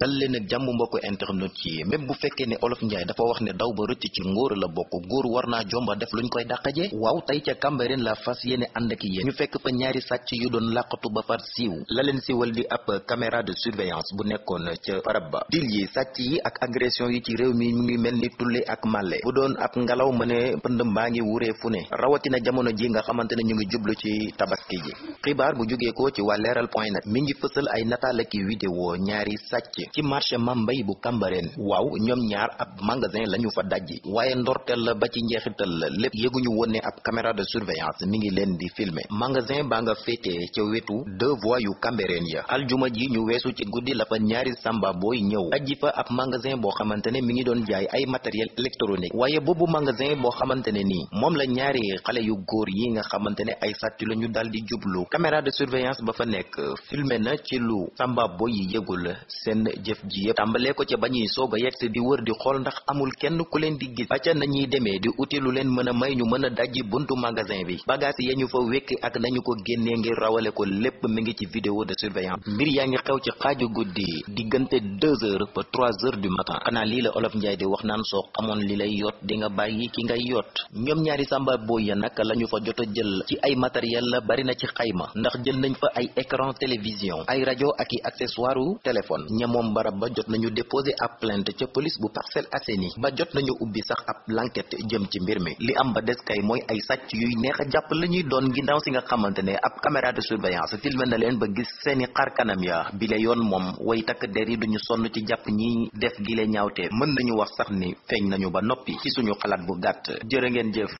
dal leen ak jàmm mbokk internet yi même bu fekkee ne olof njaay dafa wax ne daw ba rëcc ci ngóor la bokk góor war naa jomba def luñ koy dàqaje waaw tey ca Cambérène la fas yéene ànd ak yéen ñu fekk fa ñaari sàcc yu doon làqatu ba far siiw la leen siiwal di ab caméra de surveillance bu nekkoon ca barab ba dil yi sàcc yi ak agression yi ci réew mi mu ngi mel ni tulli ak màlle bu doon ab ngelaw ma ne pëndëm baa ngi wuree fu ne rawatina jamono ji nga xamante ne ñu ngi jublu ci tabaski ji xibaar bu jógeekoo ci waa leeral point net mi ngi ay nataal ak vidéo ñaari sàcc ci marché mambay bu Cambérène waaw ñoom ñaar ab magasin la ñu fa dajji waaye ndorteel la ba ci njeexital la lépp yëguñu woon ne ab caméra de surveillance mi ngi leen di filmer magasin baa nga féetee ca wetu deux voies yu Cambérène ya aljuma ji ñu weesu ci guddi la fa ñaari samba booy ñëw dajji fa ab magasin boo xamante ne mi ngi doon jaay ay matériel électronique waaye boobu magasin boo xamante ne nii moom la ñaari xale yu góor yi nga xamante ne ay sàcc la ñu daal di jublu caméra de ba fa nekk filmer na ci lu samba booy yi yëgul seen jëf ji yëpp tàmbalee ko ca ba ñuy soog a yegsi di wër di xool ndax amul kenn ku leen di gis acca nañuy demee di uti lu leen mën a may ñu mën a dajji buntu magasin bi bagage ya ñu fa wekki ak na ñu ko génnee ngir rawale ko lépp mu ngi ci vidéo de surveillance mbir yaa ngi xew ci xaaju guddi diggante deux heures ba trois heures du matin xanaa lii la olof njaay di wax naan soo xamoon li lay yoot di nga bàyyi ki ngay yoot ñoom ñaari sàmba booy ya nag la ñu jot a jël ci ay matériel la bari na ci xayma ndax jël nañ fa ay écran télévision ay rajo ak barab ba jot nañu déposé ab plante ca police bu Parcelles Assainies ba jot nañu ubbi sax ab l'enquête jëm ci mbir mi li am ba des kay mooy ay sàcc yuy neex a jàpp la ñuy doon ginnaaw si nga xamante ne ab caméra de surveillance filmé na leen ba gis seeni xar kanam ya bi la yoon moom way takk der yi duñu sonn ci jàpp ñi def gile ñaawte mën nañu wax sax ni feeñ nañu ba noppi ci suñu xalaat bu gàtt jëre ngeen jëf